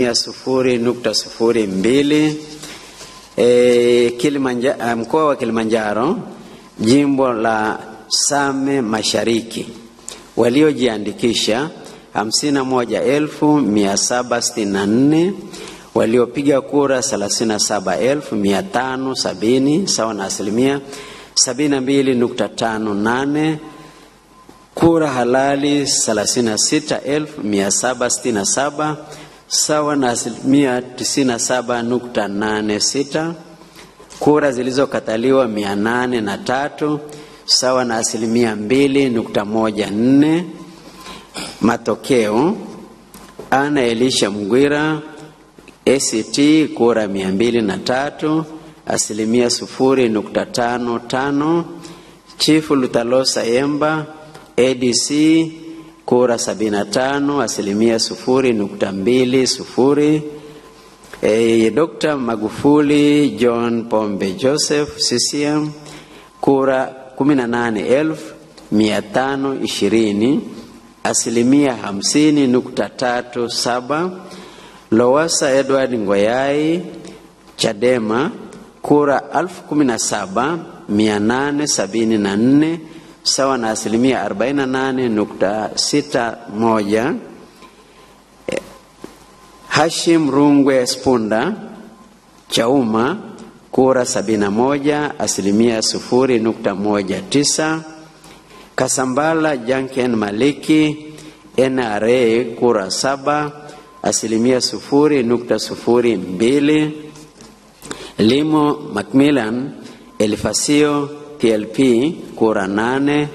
ya sufuri nukta sufuri mbili e, Kilimanja, e, mkoa wa Kilimanjaro jimbo la Same Mashariki waliojiandikisha hamsini na moja elfu mia saba sitini na nne waliopiga kura thelathini na saba elfu mia tano sabini sawa na asilimia sabini na mbili nukta tano nane kura halali thelathini na sita elfu mia saba sitini na saba sawa na asilimia 97.86. Kura zilizokataliwa 803 sawa na asilimia 2.14. Matokeo: Ana Elisha Mgwira ACT kura 203 asilimia 0.55. Chifu Lutalosa Yemba ADC kura sabini tano asilimia sufuri nukta mbili sufuri. E, Dr. Magufuli John Pombe Joseph CCM kura kumi na nane elfu mia tano ishirini asilimia hamsini nukta tatu saba. Lowasa Edward Ngoyai Chadema kura alfu kumi na saba mia nane sabini na nne sawa na asilimia 48.61. Hashim Rungwe Spunda Chauma kura 71 asilimia 0.19. Kasambala Janken Maliki NRA kura saba asilimia sufuri sufuri nukta mbili Limo Macmillan Elfasio PLP kura nane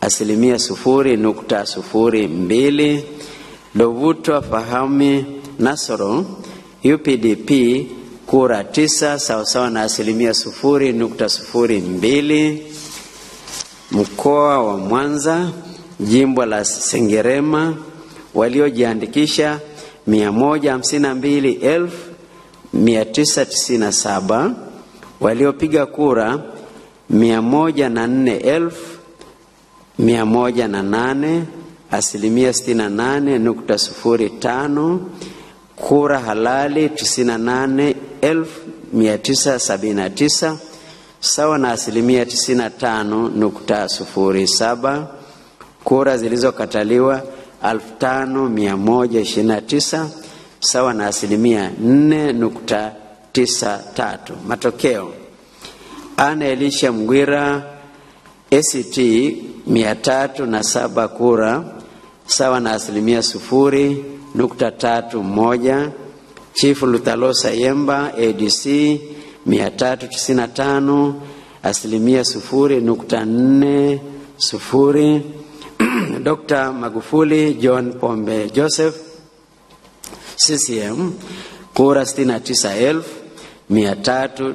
asilimia sufuri nukta sufuri mbili. Dovutwa Fahami Nasoro UPDP kura tisa sawasawa na asilimia sufuri nukta sufuri mbili. Mkoa wa Mwanza jimbo la Sengerema waliojiandikisha mia moja hamsini na mbili elfu mia tisa tisini na saba waliopiga kura mia moja na nne elfu mia moja na nane asilimia sitini na nane nukta sufuri tano kura halali tisini na nane elfu mia tisa sabini na tisa sawa na asilimia tisini na tano nukta sufuri saba kura zilizokataliwa alfu tano mia moja ishirini na tisa sawa na asilimia nne nukta tisa tatu matokeo ana Elisha Mgwira, ACT mia tatu na saba kura sawa na asilimia sufuri nukta tatu moja. Chifu Lutalosa Yemba, ADC mia tatu tisini na tano asilimia sufuri nukta nne sufuri. Dr. Magufuli John Pombe Joseph CCM kura sitini na tisa elfu mia tatu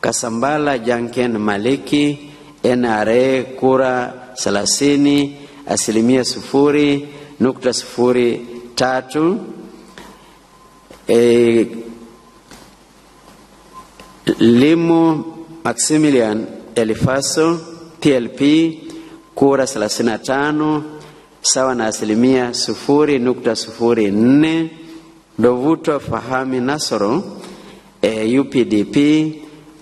Kasambala Janken Maliki NRA e, kura 30 asilimia sufuri nukta sufuri tatu. E, Limu Maximilian Elifaso PLP kura 35 sawa na asilimia sufuri nukta sufuri nne. Dovuto Fahami Nasoro e, UPDP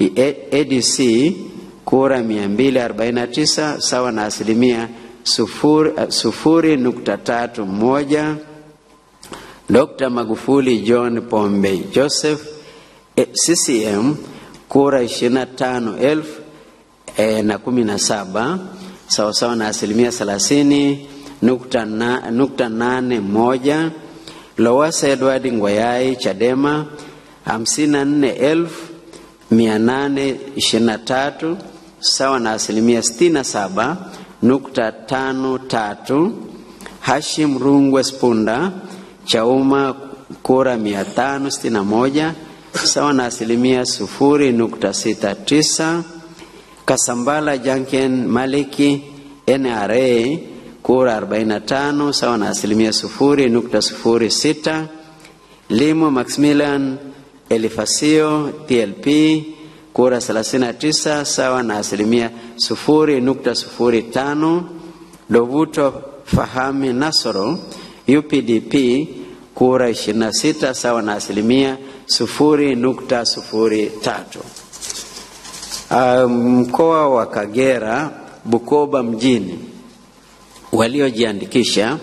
ADC kura 249 sawa na asilimia sufuri, eh, sufuri nukta tatu moja. Dr. Magufuli John Pombe Joseph eh, CCM kura 25,000 e, na eh, sawa sawasawa na asilimia 30 nukta, na, nukta nane moja. Lowasa Edward Ngwayai Chadema 54,000 823 sawa na asilimia nukta tano tatu Hashim Rungwe Spunda Chauma kura moja sawa na asilimia sufuri nukta sita tisa Kasambala Janken Maliki NRA kura 45 sawa na asilimia sufuri sufuri nukta sita Limo Maximilian Elifasio TLP kura 39 sawa na asilimia 0.05. Lovuto Fahami Nasoro UPDP kura 26 sawa na asilimia 0.03. Um, mkoa um, wa Kagera Bukoba mjini waliojiandikisha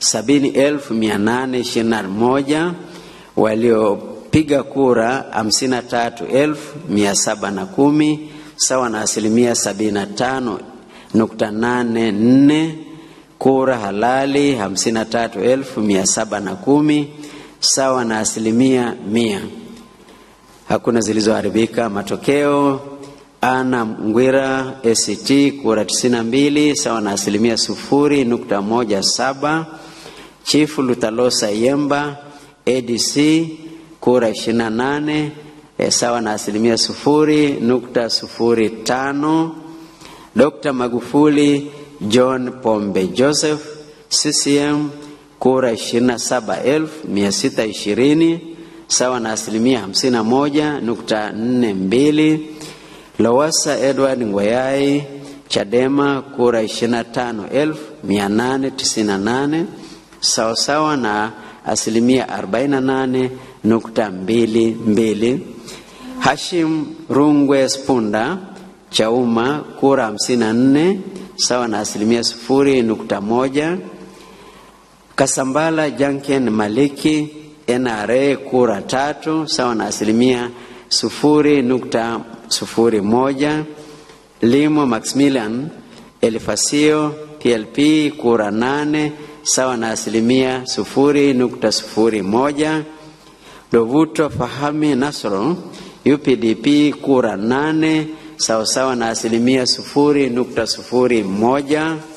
70,821 walio piga kura 53,710 sawa na asilimia 75.84. Kura halali 53,710 sawa na asilimia mia. Hakuna zilizoharibika. Matokeo Ana Mgwira ACT kura 92 sawa na asilimia 0.17. Chifu Lutalosa Yemba ADC kura ishirini na nane e, sawa na asilimia sufuri nukta sufuri tano. Dr. Magufuli John Pombe Joseph CCM kura ishirini na saba elfu mia sita ishirini sawa na asilimia hamsini na moja nukta nne mbili. Lowasa Edward ngwayai Chadema kura ishirini na tano elfu mia nane tisini na nane sawasawa na asilimia arobaini na nane nukta mbili mbili. Hashim Rungwe Spunda Chauma, kura hamsini na nne sawa na asilimia sufuri nukta moja. Kasambala Janken Maliki NRA kura tatu sawa na asilimia sufuri nukta sufuri moja. Limo Maximilian Elifasio PLP kura nane sawa na asilimia sufuri nukta sufuri moja. Dovuto Fahami nasro UPDP kura nane sawasawa na asilimia sufuri nukta sufuri moja.